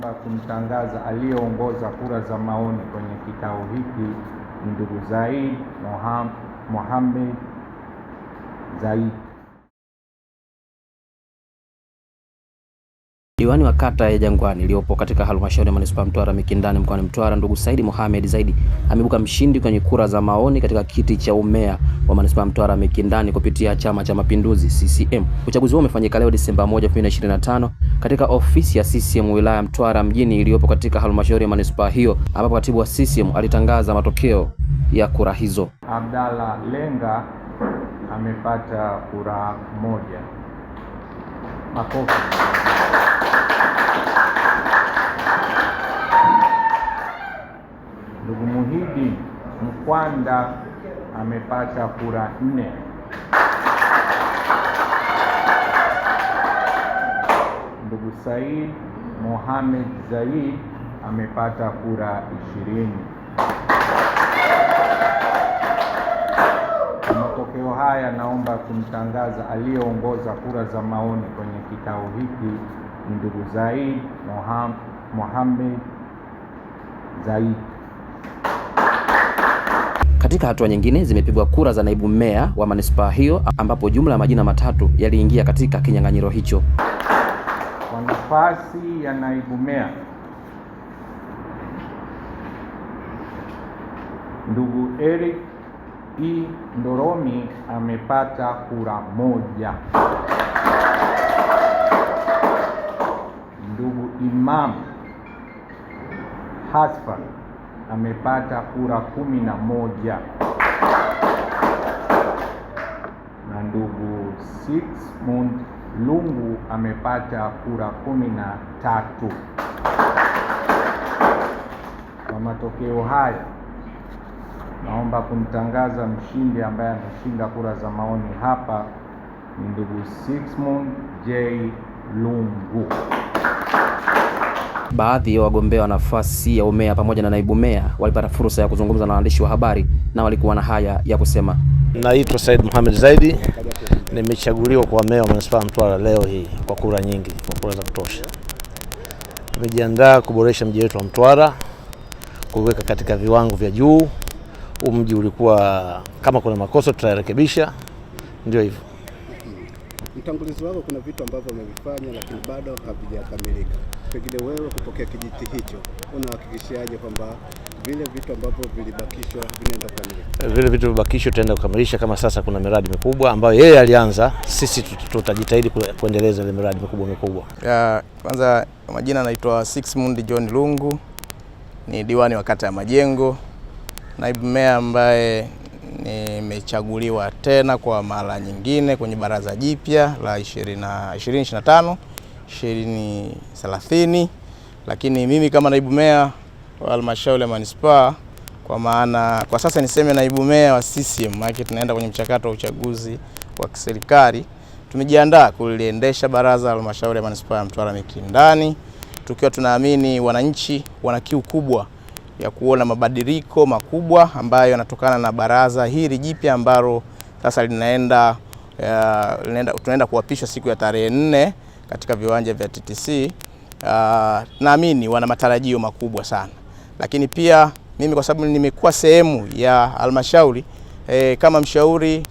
kwamba kumtangaza aliyeongoza kura za maoni kwenye kikao hiki ni ndugu Zaid Mohamed Zaid. Diwani wa kata ya Jangwani iliyopo katika halmashauri ya manispaa Mtwara Mikindani mkoani Mtwara, ndugu Saidi Mohamed Zaidi ameibuka mshindi kwenye kura za maoni katika kiti cha umea wa manispaa Mtwara Mikindani kupitia Chama cha Mapinduzi CCM. Uchaguzi huo umefanyika leo Disemba 1, 2025 katika ofisi ya CCM wilaya Mtwara mjini iliyopo katika halmashauri ya manispaa hiyo, ambapo katibu wa CCM alitangaza matokeo ya kura hizo. Abdalla Lenga amepata kura moja. Makofi. Ndugu Muhidi Mkwanda amepata kura nne. Said Mohamed Zaid amepata kura ishirini. Kwa matokeo haya, naomba kumtangaza aliyeongoza kura za maoni kwenye kikao hiki ni ndugu Zaid Mohamed Zaid. Katika hatua nyingine zimepigwa kura za naibu meya wa manispaa hiyo ambapo jumla ya majina matatu yaliingia katika kinyang'anyiro hicho kwa nafasi ya naibu meya ndugu Eric E. Ndoromi amepata kura moja. Ndugu Imam Hasfan amepata kura kumi na moja na ndugu Sixmund Lungu amepata kura kumi na tatu. Kwa matokeo haya, naomba kumtangaza mshindi ambaye ameshinda kura za maoni hapa ni ndugu Sixmund J Lungu. Baadhi ya wagombea wa nafasi ya umea pamoja na naibu mea walipata fursa ya kuzungumza na waandishi wa habari na walikuwa na haya ya kusema. Naitwa Said Mohamed Zaidi Nimechaguliwa kuwa meya wa manispaa Mtwara leo hii kwa kura nyingi, kwa kura za kutosha. Nimejiandaa kuboresha mji wetu wa Mtwara, kuweka katika viwango vya juu. Huu mji ulikuwa kama kuna makosa tutayarekebisha, ndio hivyo. Mtangulizi wako kuna vitu ambavyo amevifanya lakini bado havijakamilika, pengine wewe kupokea kijiti hicho unahakikishaje kwamba vile vitu ambavyo vilibakishwa vinaenda kukamilika, vile vitu vibakishwa tutaenda kukamilisha. Kama sasa kuna miradi mikubwa ambayo yeye alianza, sisi tutajitahidi kuendeleza ile miradi mikubwa mikubwa. Kwanza majina, naitwa Sixmund John Lungu, ni diwani wa kata ya Majengo, naibu meya ambaye nimechaguliwa tena kwa mara nyingine kwenye baraza jipya la 2025 2030 lakini mimi kama naibu meya wa halmashauri ya manispaa kwa maana kwa sasa niseme naibu meya wa CCM, maana tunaenda kwenye mchakato wa uchaguzi wa kiserikali. Tumejiandaa kuliendesha baraza la halmashauri ya manispaa ya Mtwara Mikindani, tukiwa tunaamini wananchi wana kiu kubwa ya kuona mabadiliko makubwa ambayo yanatokana na baraza hili jipya ambalo sasa linaenda, uh, linaenda tunaenda kuapishwa siku ya tarehe nne katika viwanja vya TTC. Uh, ah, naamini wana matarajio makubwa sana lakini pia mimi kwa sababu nimekuwa sehemu ya halmashauri e, kama mshauri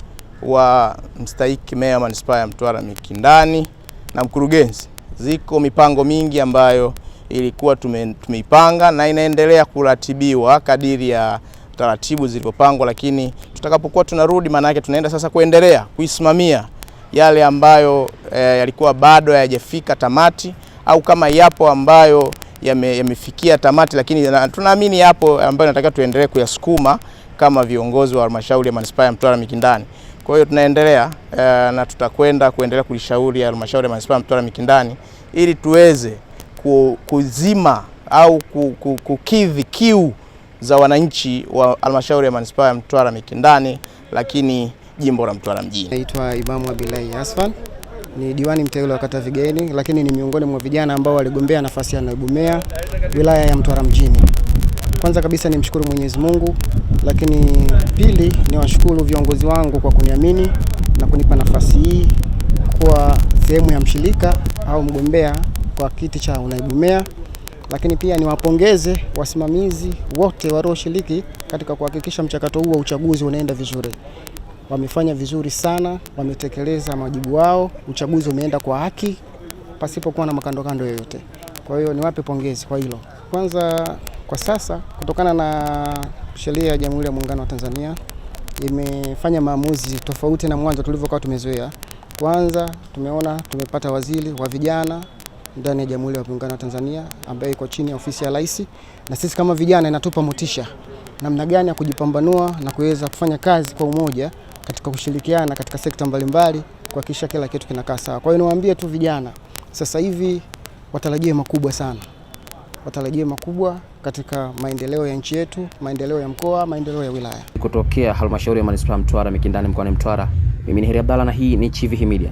wa mstahiki meya wa manispaa ya Mtwara Mikindani na mkurugenzi, ziko mipango mingi ambayo ilikuwa tume, tumeipanga na inaendelea kuratibiwa kadiri ya taratibu zilivyopangwa, lakini tutakapokuwa tunarudi, maana yake tunaenda sasa kuendelea kuisimamia yale ambayo e, yalikuwa bado hayajafika tamati au kama yapo ambayo yamefikia yame tamati, lakini tunaamini yapo ambayo nataka tuendelee kuyasukuma kama viongozi wa halmashauri ya manispaa ya Mtwara Mikindani. Kwa hiyo tunaendelea e, na tutakwenda kuendelea kulishauri halmashauri ya manispaa ya Mtwara Mikindani ili tuweze kuzima au kukidhi kiu za wananchi wa halmashauri ya manispaa ya Mtwara Mikindani, lakini jimbo la Mtwara mjini. Naitwa Imamu Abilai Asfan ni diwani mteule wa kata Vigeni, lakini ni miongoni mwa vijana ambao waligombea nafasi ya naibu meya wilaya ya Mtwara mjini. Kwanza kabisa ni mshukuru Mwenyezi Mungu, lakini pili ni washukuru viongozi wangu kwa kuniamini na kunipa nafasi hii kuwa sehemu ya mshirika au mgombea kwa kiti cha unaibu meya, lakini pia niwapongeze wasimamizi wote walioshiriki katika kuhakikisha mchakato huu wa uchaguzi unaenda vizuri wamefanya vizuri sana, wametekeleza majibu wao. Uchaguzi umeenda kwa haki pasipokuwa na makandokando yoyote. Kwa hiyo niwape pongezi kwa hilo. Kwanza kwa sasa, kutokana na sheria ya Jamhuri ya Muungano wa Tanzania imefanya maamuzi tofauti na mwanzo tulivyokuwa tumezoea. Kwanza tumeona tumepata waziri wa vijana ndani ya Jamhuri ya Muungano wa Tanzania ambaye iko chini ya ofisi ya Rais, na sisi kama vijana inatupa motisha namna gani ya kujipambanua na kuweza kufanya kazi kwa umoja katika kushirikiana katika sekta mbalimbali kuhakikisha kila kitu kinakaa sawa. Kwa hiyo niwaambie tu vijana sasa hivi watarajie makubwa sana, watarajie makubwa katika maendeleo ya nchi yetu, maendeleo ya mkoa, maendeleo ya wilaya. Kutokea halmashauri ya manispaa ya Mtwara Mikindani mkoani Mtwara, mimi ni Heri Abdalla na hii ni Chivihi Media.